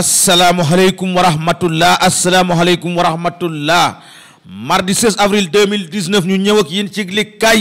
asalaamualeykum wa rahmatullah asalaamualeykum wa rahmatullah mardi 16 mille 2019 ñu ñëw ak yéen ci yëgle kaay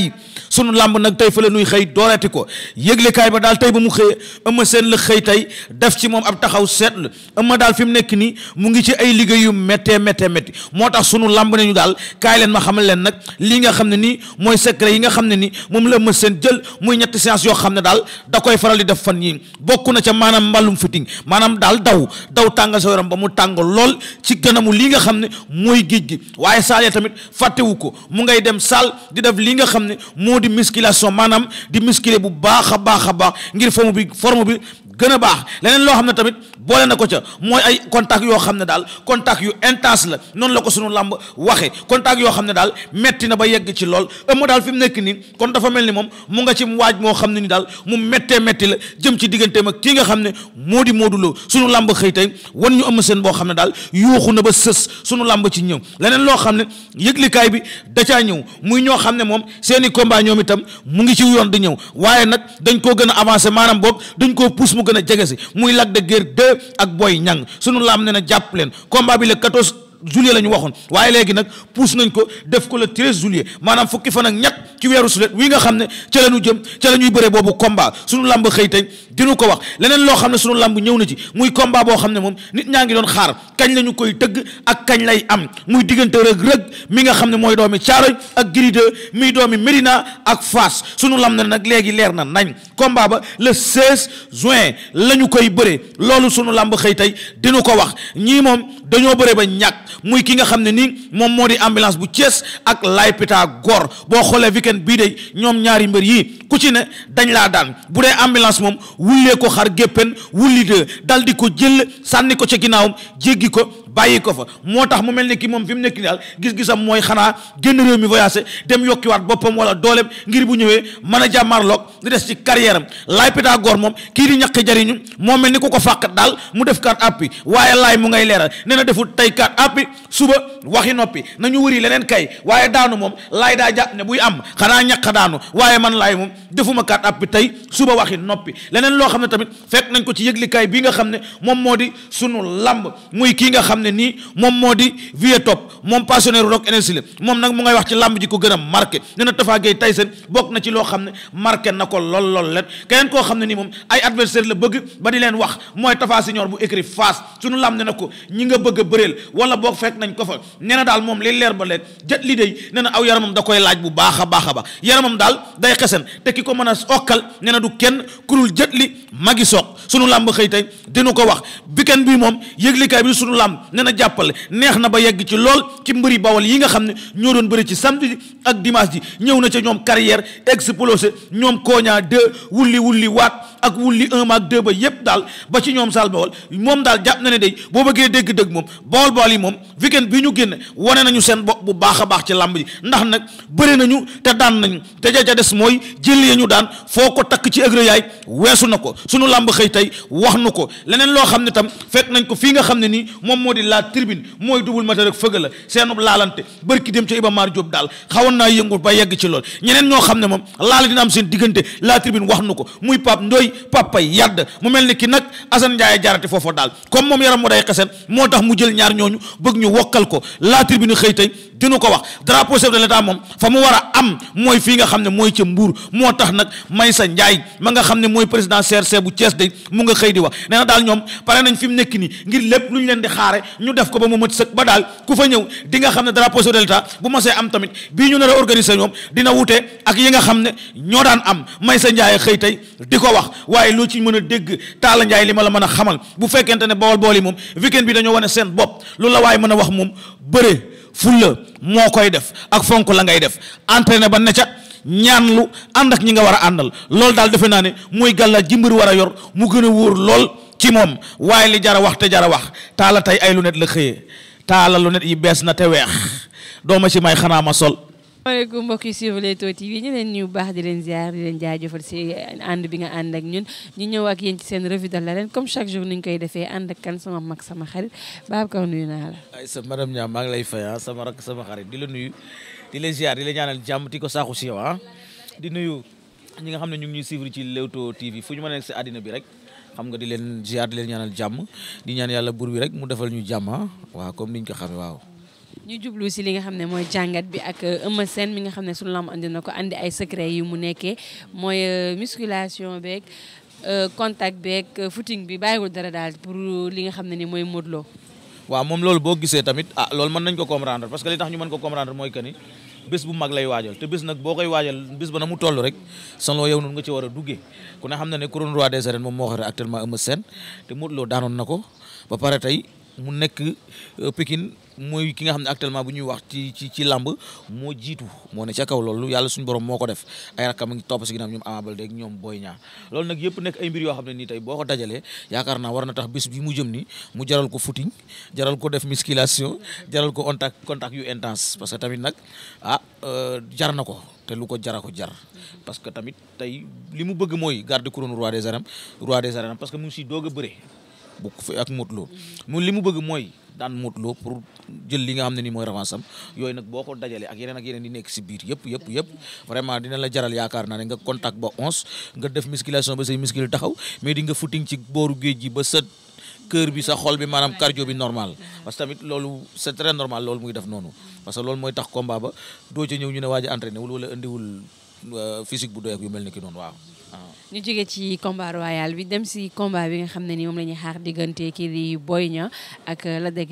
sunu làmb nag tey fa la nuy xëy doorati ko yëglekaay ba daal tey ba mu xëyee Eumeu Sène la xëy tey def ci moom ab taxaw seetlu Eumeu daal fi mu nekk nii mu ngi ci ay liggéey yu méttee méttee métti moo tax sunu làmb nañu daal kaay leen ma xamal leen nag lii nga xam ne nii mooy secret yi nga xam ne nii moom la Eumeu seen jël muy ñetti séance yoo xam ne daal da koy faral di def fan yii bokk na ca maanaam mbàllum fitting maanaam daal daw daw tàngal sa yaram ba mu tàng lool ci gënamu lii nga xam ne mooy géej gi waaye saal ya tamit fàttewu ko mu ngay dem saal nga xam ne moo di musculation maanaam di musculer bu baax a baax a baax ngir forme bi forme bi gën a baax leneen loo xam ne tamit boole na ko ca mooy ay contact yoo xam ne daal contact yu intense la noonu la ko sunu làmb waxe contact yoo xam ne daal metti na ba yegg ci lool ëmma daal fi mu nekk nii kon dafa mel ni moom mu nga ci waaj moo xam ne daal mu méttee métti la jëm ci digganteem ak kii nga xam ne moo di Modou Lo sunu làmb xëy tey wan ñu ëmm seen boo xam ne daal yuuxu na ba sës sunu làmb ci ñëw leneen loo xam ne yëglikaay bi da caa ñëw muy ñoo xam ne moom seeni i combat ñoom itam mu ngi ci yoon di ñëw waaye nag dañ koo gën a avancé maanaam boog dañ koo gën a jege si muy Lac de Guiers 2 ak Boy Niang sunu laam ne na jàpp leen combat bi le 14 juillet la ñu waxoon waaye léegi nag pousse nañ ko def ko le 13 juillet maanaam fukki fan ak ñett ci weeru sulet wi nga xam ne ca la ñu jëm ca la ñuy bëree boobu combat suñu làmb xëy tey dinu ko wax leneen loo xam ne sunu làmb ñëw na ci muy combat boo xam ne moom nit ñaa ngi doon xaar kañ la ñu koy tëgg ak kañ lay am muy diggante rëg-rëg mi nga xam ne mooy doomi Caaroy ak Gris 2 mi doomi Médina ak Fass suñu làmb na nag léegi leer na nañ combat ba le 16 juin la ñu koy bëree loolu suñu làmb xëy tey dinu ko wax ñii moom dañoo bëree ba ñàkk muy ki nga xam ne nii moom moo di ambulance bu Thiès ak Laye Pythagore boo xoolee weekend bii day ñoom ñaari mbër yii ku ci ne dañ laa daan bu dee ambulance moom wullee ko xar géppen wulli dee di ko jël sànni ko ca ginnaawam jéggi ko bàyyi ko fa moo tax mu mel ni ki moom fi mu nekk ni daal gis-gisam mooy xanaa génn réew mi voyagé dem yokkiwaat boppam wala dooleem ngir bu ñëwee mën a jàmmaarloog di des ci carrière am laay Pythagore moom kii di ñàkk jariñu moo mel ni ku ko fàqat daal mu def kat appi waaye laay mu ngay leeral nee na deful tey kat appi suba waxi noppi nañu wëri leneen kay waaye daanu moom laay daa jàpp ne buy am xanaa ñàkk daanu waaye man laay moom defuma kaat appi tey suba waxi noppi leneen loo xam ne tamit fekk nañ ko ci yëglikaay bi nga xam ne moom moo di sunu lamb xam ne nii moom moo di vieux top moom passionnaire rock énergie la moom nag mu ngay wax ci làmb ji ko gën a marqué nee na Tapha Gueye bokk na ci loo xam ne marqué na ko lool lool leen keneen koo xam ne la bëgg ba di leen wax mooy Tapha Senior bu écrit face suñu làmb ne na ko a bëreel daal moom li leer ba leen jët li day nee aw yaramam da koy laaj bu baax a baax a yaramam daal day xesen te ki ko mën a okkal nee du kenn kurul jët li magi sunu làmb xëy tey dinu ko wax weekend bi moom yëglikaay bi sunu làmb ne na jàppale neex na ba yegg ci lool ci mbëri bawal yi nga xam ne ñoo doon bëri ci samedi ak dimanche ji ñëw na ca ñoom carrière explosé ñoom kooña deux wulli wulli waat ak wulli un maak deux ba yépp daal ba ci ñoom sal bawal moom daal jàpp na ne day boo bëggee dégg dëgg moom bawal bawal yi moom weekend bi ñu génne wane nañu seen bopp bu baax baax ci làmb ji ndax nag bëri nañu te daan nañu te ja ca des mooy jël ya ñu daan foo ko takk ci ëgrë yaay weesu na ko sunu làmb xëy tey wax nu ko leneen loo xam ne tam fekk ko fii nga xam ne nii moom moo di la tribune mooy dubul matar ak fëgg la seenub laalante bërki dem ca Iba Mar Diop daal xawoon naa yëngu ba yegg ci lool ñeneen ñoo xam ne moom laala dina am seen diggante la tribune wax nu ko muy Pape Ndoy Papa Yadd mu mel ni ki nag Assane Ndiaye jaarate foofa daal comme moom yaram mu day xesen moo tax mu jël ñaar ñooñu bëgg ñu wokkal ko la tribune xëy tey dinu ko wax drapeau chef de l'état moom a am mooy fii xam ne mooy ca mbuur moo tax nag Maysa Ndiaye ma nga xam ne mooy président CRC bu Thiès day mu nga xëy di wax nee na daal ñoom mu nekk nii ngir lépp lu ñu ñu def ko ba mu mët sëkk ba daal ku fa ñëw di nga xam ne drapeau de l'État bu mosee am tamit bii ñu nar a organiser ñoom dina wute ak yi nga xam ne ñoo daan am may sa njaay xëy tey di ko wax waaye loo ci mën a dégg taala njaay li ma la mën a xamal bu fekkente ne bool bool yi moom weekend bi dañoo wane seen bopp loolu la waaye mën a wax moom bëre fulla moo koy def ak fonk la ngay def entraîné ba ne ca ñaan lu ànd ak ñi nga war a àndal loolu daal defe naa ne mooy gàlla jimbir war a yor mu gën a wóor lool ci moom waaye li jara wax te jara wax taala tey ay lunettes la xëyee taala lunettes yi bees na te weex dooma ci may xanaa ma sol maaleykum mbokk yi suivre Leewtoo TV ñu leen baax di leen ziar di leen jaajëfal si ànd bi nga ànd ak ñun ñu ñëw ak yéen ci seen revue de comme chaque jour ni ñu koy defee ànd ak kan mag sama xarit Babacar nuyu naa la. ay lay fay ah, sama rak sama xarit di la nuyu di la ziar di la ñaanal jàmm ko saaxu si yow ah. di nuyu ñi nga xam ne ñu ngi ñuy suivre ci Leewtoo TV fu ñu mën nekk si àddina bi rek. xam nga di leen ziar di leen ñaanal jàmm di ñaan yàlla buur bi rek mu defal ñu jàmm ah. waaw comme niñ ko xamee waaw. ñu jublu si li nga xam ne mooy jàngat bi ak euh, Eumeu Sène mi nga xam ne sunu lamb andi na ko andi ay secret yi mu nekkee mooy euh, musculation beeg euh, contact beeg footing bi bàyyiwul dara daal pour li nga xam ne ni mooy Modou Lo. waaw moom loolu boo gisee tamit ah loolu mën nañ ko comprendre parce que li tax ñu mën ko comprendre mooy que bés bu mag lay waajal te bés nag boo koy waajal bés ba na mu toll rek selon yow noonu nga ci war a duggee ku ne xam na ne couronne roi des arènes moom moo xam ne actuellement Eumeu Sène te Modou Lo daanoon na ko ba pare tey mu nekk euh, Pikine mooy ki nga xam ne actuellement bu ñuy wax ci ci ci làmb moo jiitu moo ne ca kaw loolu yàlla suñu borom moo ko def ay rakkam a ngi topp si ginnaaw ñoom Ama Baldé ak ñoom Boy Niang lool nag yëpp nekk ay mbir yoo xam ne ni tey boo ko dajalee yaakaar naa war na tax bés bi mu jëm ni mu jaral ko footing jaral ko def musculation jaral ko contact contact yu intense parce que tamit nag ah euh, jar na ko te lu ko jara ko jar parce que tamit tey li mu bëgg mooy garder couronne roi des arènes roi des arènes que mu si doog a bu ak Modou Lo mu li mu bëgg mooy daan Modou Lo pour jël li nga xam ne ni mooy revanche yooyu nag boo ko dajalee ak yeneen ak yeneen di nekk si biir yëpp yëpp yëpp dina la jaral yaakaar naa ne nga contact ba onze nga def musculation ba say muscule taxaw mais di footing ci booru géej ba sa cœur bi sa xol bi maanaam cardio bi normal parce que tamit loolu c'est très normal loolu muy def noonu parce que loolu mooy tax combat ba doo ca ñëw ñu ne waaj a Euh, physique bu doy ak yu mel ni ki noonu waaw. ñu jóge ci combat royal bi dem si combat bi nga xam ne ni moom la ñuy xaar diggante kii di Boy ña ak Lac de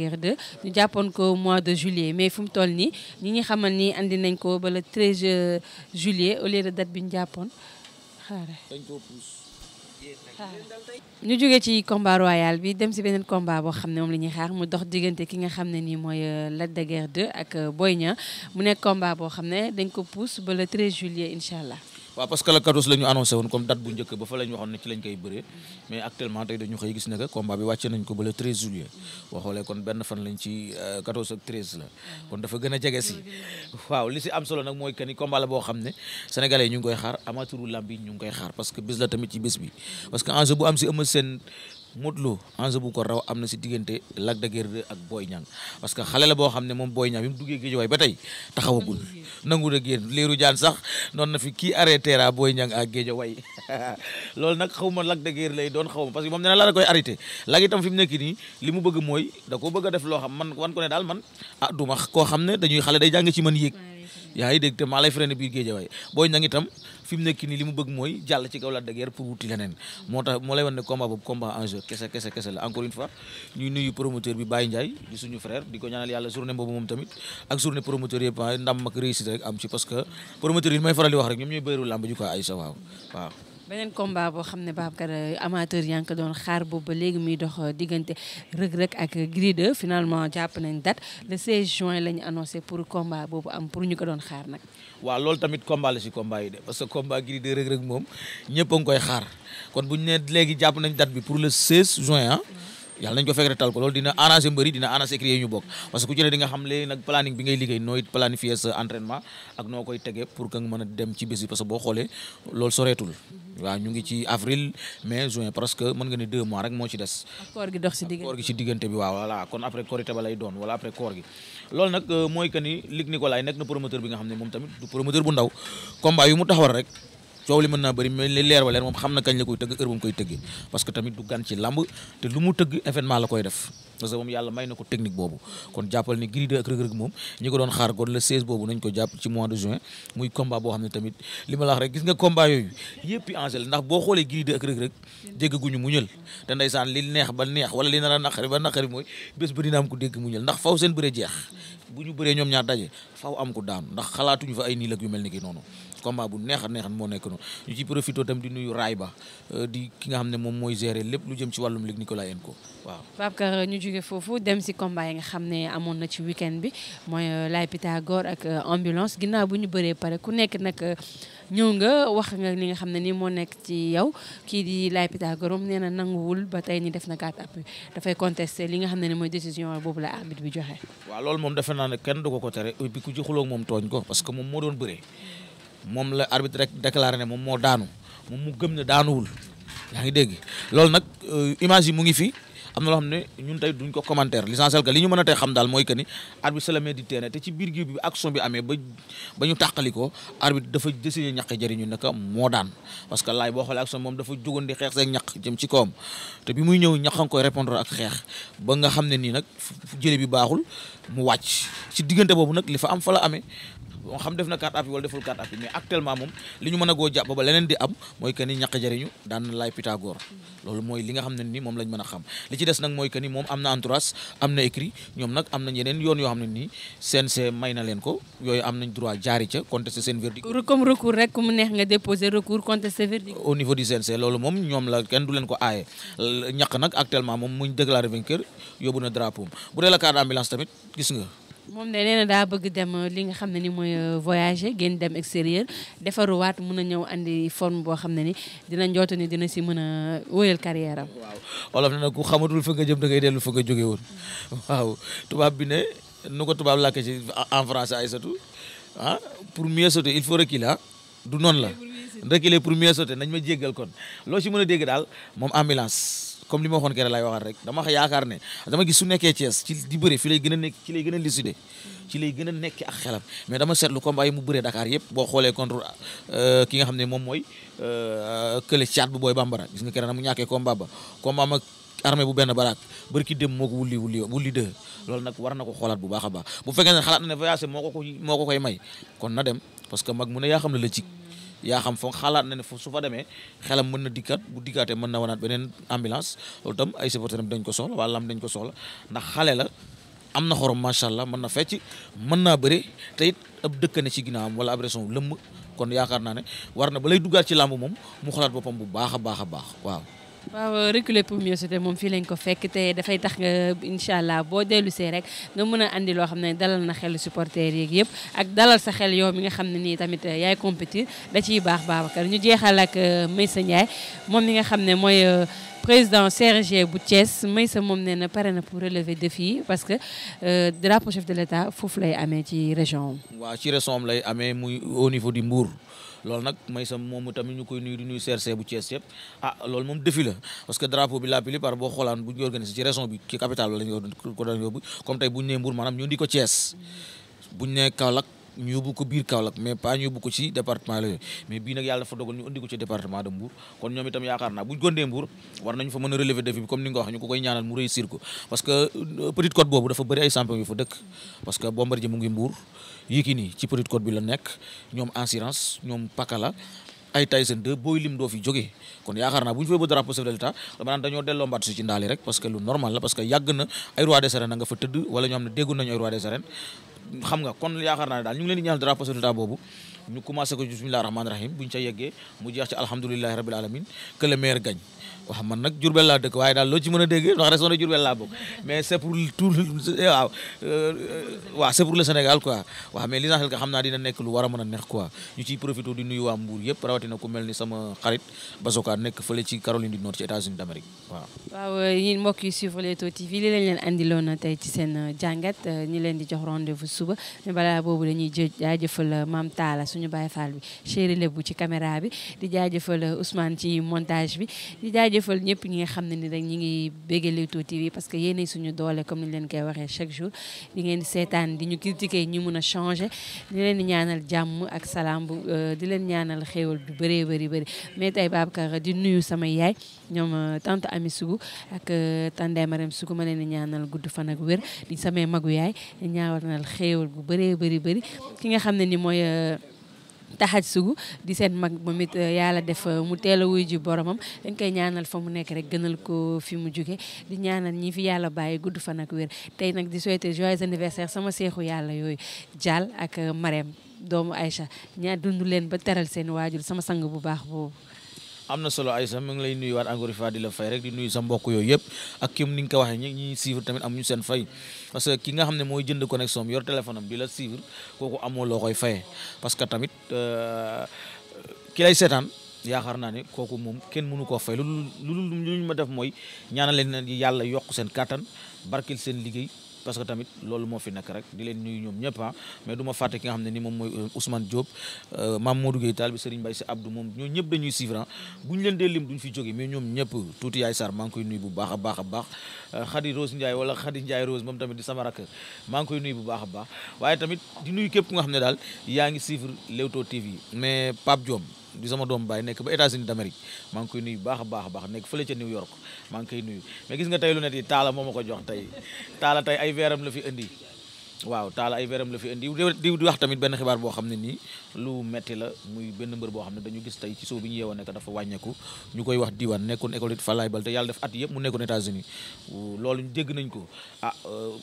ñu jàppoon ko mois de juillet mais fu mu toll nii ñi ñi xamal ni indi nañ ko ba le 13 juillet au lieu de date bi ñu jàppoon xaare ñu jóge ci combat royal bi dem si beneen combat boo xam ne moom la ñuy xaar mu dox diggante ki nga xam ne nii mooy euh, Lac de Guiers 2 ak euh, Boy Niang mu nekk combat boo xam ne dañ ko pousse ba le 13 juillet incha allah. waaw parce que le 14 la ñu annoncé comme date bu njëkk ba fa la waxoon ne ci lañ koy bëree mais actuellement tey dañu xëy gis ne que bi wàcce nañ ko ba le 13 juillet kon benn fan lañ ci 14 euh, ak 13 la kon dafa gën a jege si waaw li si am solo nag mooy que ni combat la boo xam ne sénégalais ñu ngi koy xaar amateuru lamb ñu ngi koy xaar parce que bis la tamit ci bés bi parce que enjeu bu am si Eumeu Sène Modou Lo enjeu bu ko raw am na si diggante Lac de ak Boy Niang parce que xale la boo xam ne moom Boy Niang bi mu duggee géej waay ba tey taxawagul nangu na génn Lirou Diane sax noonu na fi kii arrêté ra Boy Niang ak géej waay loolu nag xaw ma Lac de Guiers lay doon xaw ma parce que moom nee na la koy arrêté Lac itam fi mu nekk nii li mu bëgg mooy da ko bëgg a def loo xam man wan ko daal man ah du ma koo xam ne dañuy xale day jàng ci man yéeg yaa ngi dégg te maa lay freiné biir géejawaay booy nag itam fi mu nekk nii li mu bëgg mooy jàll ci kaw Lac de Guiers pour wuti leneen moo tax moo lay wan ne combat boobu combat en kese kese kese la encore une fois ñuy nuyu promoteur bi Baye Ndiaye di suñu frère di ko ñaanal yàlla journée boobu moom tamit ak journée promoteur yëpp ah ndam ak réussite rek am ci parce que promoteur yi may faral wax rek ñoom ñooy bëru làmb ju ay sa beneen combat boo xam ne Babacar euh, amateur yaa ngi ko doon xaar boobu ba léegi muy dox euh, diggante Reug Reug ak gride 2 finalement jàpp nañ date le 16 juin la ñu annoncé pour combat boobu am pour ñu ko doon xaar nag. waaw loolu tamit combat la si combat yi de parce que combat gride 2 Reug moom ñëpp a ngi koy xaar kon bu ñu nee léegi jàpp nañ date bi pour le 16 juin ah. yàlla nañu ko fekk rek tal ko loolu dina arrangé mbëri dina arrangé écrit ñu bokk parce que ku ci ne di nga xam léegi nag planning bi ngay liggéey nooy planifier sa entraînement ak noo koy tegee pour que mën a dem ci bés yi parce que boo nga ne deux mois rek moo ci des. koor ci diggante bi waaw voilà kon après korité ba lay doon wala après koor gi. nag euh, mooy que ni Luc nekk na promoteur bi nga xam ne moom tamit promoteur bu ndaw combat yu coow li mën naa bëri mais li leer ba leer moom xam na kañ la koy tëgg heure bu mu koy tëggee parce que tamit du gan ci làmb te lu mu tëgg événement la koy def parce que moom yàlla may na ko technique boobu kon jàppal ni Gris ak Reug Reug moom ñi ko doon xaar kon le 16 boobu nañ ko jàpp ci mois de juin muy combat boo xam ne tamit li ma la rek gis nga combat yooyu yëpp yi angel ndax boo xoolee Gris 2 ak Reug Reug dégguñu mu ñël te ndeysaan li neex ba neex wala li nar ba naqari mooy bés ba dina am ko dégg mu ñël ndax faw seen bëree jeex bu ñu bëree ñoom ñaar daje faw am ko daanu ndax xalaatuñu fa ay niil ak yu mel ni ki noonu combat bu neex a neexan moo nekk noonu ñu ci profité tamit di nuyu raay ba euh, di ki nga xam ne moom mooy gérer lépp lu jëm ci wàllum lig Nicolas Enko waaw. Babacar euh, ñu jóge foofu dem si combat yi nga xam ne amoon na ci weekend bi mooy euh, Laye Pythagore ak ambulance ginnaaw bu ñu bëree pare ku nekk nag ñëw nga wax nga nga xam ne nii moo nekk ci yow kii di Laye Pythagore nee na nanguwul ba tey ni def na gàtt appui dafay contesté li nga xam ne ni mooy décision boobu la arbitre bi joxe. waaw loolu moom defe naa ne kenn du ko ko tere et ku ci xuloo moom tooñ ko parce que moom moo doon bëree. moom la arbitre rek déclaré ne moom moo daanu moom mu gëm ne daanuwul yaa ngi dégg loolu nag euh, image yi mu ngi fi am na loo xam ne ñun tey duñ ko commentaire l'essentiel que li ñu mën a tey xam daal mooy que ni arbitre se la met di terrain te ci biir gi bi action bi amee ba ñu tàqalikoo arbitre dafa décidé ñaqe jëriñu naka moo daan parce que laay boo xoolee action moom dafa jógoon di xeex seeg ñaq jëm ci kawam te bi muy ñëw ñaq nga koy répondre ak xeex ba nga xam ne nii nag jële bi baaxul mu wàcc ci diggante boobu nag li fa am fa amee moo xam def na carte appui wala deful carte appui mais actuellement moom ñu mën a goo jàpp ba leneen di am mooy que ni ñaq jëriñu daan laay Pythagore loolu mooy li nga xam ne ni moom lañ mën a xam des nag mooy que ni moom am na entourage am na écrit ñoom nag am nañ yeneen yoon yoo xam ne nii CNG may na leen ko yooyu am nañ droit jaari ca contester seen verdict. comme recours rek ku mu neex nga déposer recours contester verdict. au niveau du CNG loolu moom ñoom la kenn du leen ko aaye ñaq nag actuellement moom muñ déclaré vainqueur yóbbu na drapeau bu dee la carte ambulance tamit gis nga. moom de nee daa bëgg dem euh, li nga xam ne ni mooy euh, voyager génn dem extérieur defaruwaat mën a ñëw andi forme boo xam ne ni dina njootu ni dina si mën a wóyal carrière am. waaw olof ne nag ku xamatul fa nga jëm da ngay dellu fa nga jóge woon tubaab bi ne nu ko tubaab làkk ci en français ay satu ah pour mieux sauter il faut reculer ah. du noonu la reculer pour mieux nañ ma jéggal kon loo si mën a dégg daal moom ambulance. comme li ma waxoon keroog laay waxaat rek dama yaakaar ne dama gis su nekkee Thiès ci di bëre fi lay gën a nekk ci lay gën a lucidé ci lay gën a nekk ak mais dama seetlu combat yi mu bëree Dakar yëpp boo xoolee contre euh, ki nga xam ne moom mooy euh, kële caat bu booy bambara gis nga keroog na mu ñàkkee combat ba combat ma armée bu benn baraak bërki dem moo ko wulli wulli wulli dë loolu nag war na ko xoolaat bu baax baax bu fekkee ne xalaat na ne voyage moo ko ko moo ko koy may kon na dem parce que mag mu yaa xam ne la ci yaa xam fa xalaat na ne foofu su fa demee xelam mën na dikkaat bu dikkaatee mën na wanaat beneen ambulance loolu itam ay supporter dañ ko soxla wala lam dañ ko soxla ndax xale la am na xorom macha allah mën na fecc mën naa bëri te it ab dëkk ne ci ginaa am ab raison lëmm kon yaakaar naa ne war na ba lay duggaat ci làmb moom mu xalaat boppam bu baax a baax a baax waaw. waaw reculer pour mieux sauter moom fii lañ ko fekk te dafay tax nga incha allah boo dellu see rek nga mën a andi loo xam ne dalal na xelu supporter yeeg yëpp ak dalal sa xel yow mi nga xam ne nii tamit euh, yaay compétir da ciy baax Babacar ñu jeexal ak euh, Meyssa Ndiaye moom mi nga xam ne mooy. Euh, président CRG bu Thiès Meissa moom nee pare na pour relever défi parce que euh, drapeau chef de l'État foofu lay amee ci région am. waaw ci région am lay amee muy au niveau du Mbour. loolu nag Meissa moom tamit ñu koy nuyu di nuyu CRC bu Thiès yëpp ah loolu moom défi la parce que drapeau bi la plupart boo xoolaan bu ñu organisé ci région bi ci capitale bi ko doon yóbbu comme tey bu ñu nee maanaam ñu di ko Thiès bu ñu ñu yóbbu ko biir Kaolack mais pas ñu yóbbu ko ci département la mais bii nag yàlla dafa dogal ñu indi ko ci département de Mbour kon ñoom itam yaakaar naa buñ gondee Mbour war nañu fa mën a relever défi bi comme ni nga koy ñaanal mu réussir ko parce que euh, Petite boobu dafa bëri ay champion yu fa dëkk parce que Bombardier mu ngi Mbour Yékini ci Petite Côte bi la nekk ñoom Assurance ñoom Pakala ay Tyson 2 booy lim doo fi jógee kon yaakaar naa bu ñu ba drapeau chef de l'État delloo mbaat su ci ndaali rek parce que normal la parce que yàgg na ay roi des arènes nga fa tëdd wala ñoo xam ne déggu nañu ay roi des arènes xam nga kon yaakaar naa daal ñu leen di ñaan drapeau boobu ñu commencé ko bismillahi rahmaani rahim bu ca yeggee mu jeex ci alhamdulilahi rabil alamin que le meilleur waaw man nag Jurbel laa dëkk waaye daal loo ci mën a déggee ndax raison de Jurbel laa bokk mais c'est pour tout waaw euh, waaw c'est pour le Sénégal quoi waaw mais li nga xam naa dina nekk lu war a mën a neex quoi ñu ciy profité di nuyu waa Mbour yëpp rawatina ku mel ni sama xarit Basoka nekk fële ci Caroline du Nord ci États-Unis d'Amérique waaw. Euh, yi suivre Leewtoo TV li lañ leen andiloon tey ci seen euh, jàngat ñu leen di jox rendez-vous suba mais balaa boobu dañuy jaajëfal Mame Talla suñu Baye Fall bi jaajëfal ñëpp ñi nga xam ne ni rek ñi ngi béggee Leewtoo TV parce que yéenay suñu doole comme ni leen koy waxee chaque jour di ngeen seetaan di ñu critiquer ñu mun a changer di leen ñaanal jàmm ak salaam bu euh, di leen ñaanal xéewal bu bëree bëri bëri mais tey Babacar di nuyu sama yaay ñoom euh, tante Ami Sougou ak euh, tante Marème Sougou ma leen ñaanal gudd fan ak wér di samay magu yaay ñaawal nal bu bëree bëri bëri ki nga xam ne ni mooy taxaj sugu di seen mag moom it euh, yàlla def euh, mu teel a wuy ji boromam dañ koy ñaanal fa mu nekk rek gënal ko fi mu jóge di ñaanal ñi fi yàlla bàyyi gudd fan ak wér tey nag di souhaiter joyeux anniversaire sama seexu yàlla yooyu Dial ak euh, Marème doomu Aïcha ñaa dund leen ba teral seen waajur sama sang bu baax boobu am na solo ay mu ngi lay nuyuwaat encore une fois di la fay rek di nuyu sa mbokk yooyu yëpp ak kim ni nga ko waxee ñi ñuy tamit seen fay parce que ki nga ne mooy jënd connexion bi yor téléphone am di la suivre kooku amoo loo koy fayee parce que tamit euh, ki lay seetaan yaakaar naa ne kooku moom kenn mënu koo fay lu lu lu ma def mooy ñaanal leen yàlla yokk seen kàttan barkil seen liggéey. parce que tamit loolu moo fi nekk rek di leen nuyu ñoom ñëpp ah mais du ma fàtte ki nga xam ne ni moom mooy euh, Ousmane Diop euh, Mame Modou Gueye Tall bi Serigne Mbaye Sy Abdou moom ñoo ñëpp dañuy suivre ah. bu ñu leen dee lim duñ fi jóge mais ñoom ñëpp tuuti yaay Sarr maa ngi koy nuyu bu baax a baax a baax euh, Khady Rose Ndiaye wala Khady Ndiaye Rose moom tamit di sama rakk maa ngi koy nuyu bu baax a baax waaye tamit di nuyu képp ku nga xam ne daal yaa ngi suivre Leewtoo TV mais Pape Diom di sama doom baay nekk ba États-Unis d'Amérique maa koy nuyu baax a baax a baax nekk fële ca New York maa ngi koy nuyu mais gis nga tey lu net taala moo ma jox tey taala tey ay veeram la fi indi waaw taala ay veeram la fi indi di di wax tamit benn xibaar boo xam ne nii lu metti la muy benn mbër boo xam ne dañu gis tey ci soo bi ñu yeewoo nekk dafa wàññeeku ñu koy wax diiwaan nekkoon école it Falaye Bal te yàlla def at yëpp mu nekkoon États-Unis loolu dégg nañ ko ah euh,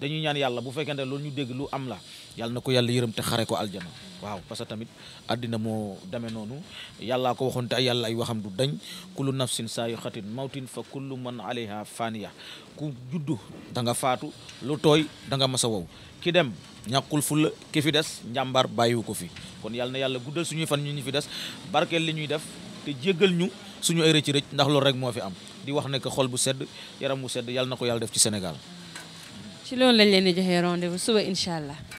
dañuy ñaan yàlla bu fekkente ne loolu ñu dégg lu am la yàlla na ko yàlla yërëm te xare ko aljana waaw parce que tamit àddina moo demee noonu yàllaa ko waxoon te yàlla ay waxam du dañ lu nafsin saa yu xatin mawtin fa kullu man alayha faniya ku juddu da nga faatu lu tooy da nga mas a wow ki dem ñàkkul fulla ki fi des njàmbaar bàyyiwu ko fi kon yàlla na yàlla guddal suñuy fan ñu ñu fi des barke li ñuy def te jéggal ñu suñu ay rëcc rëcc ndax loolu rek moo fi am di wax ne que xol bu sedd yaram bu sedd yàlla na ko yàlla def ci Sénégal ci loolu lañ leen di joxee rendez-vous suba incha allah.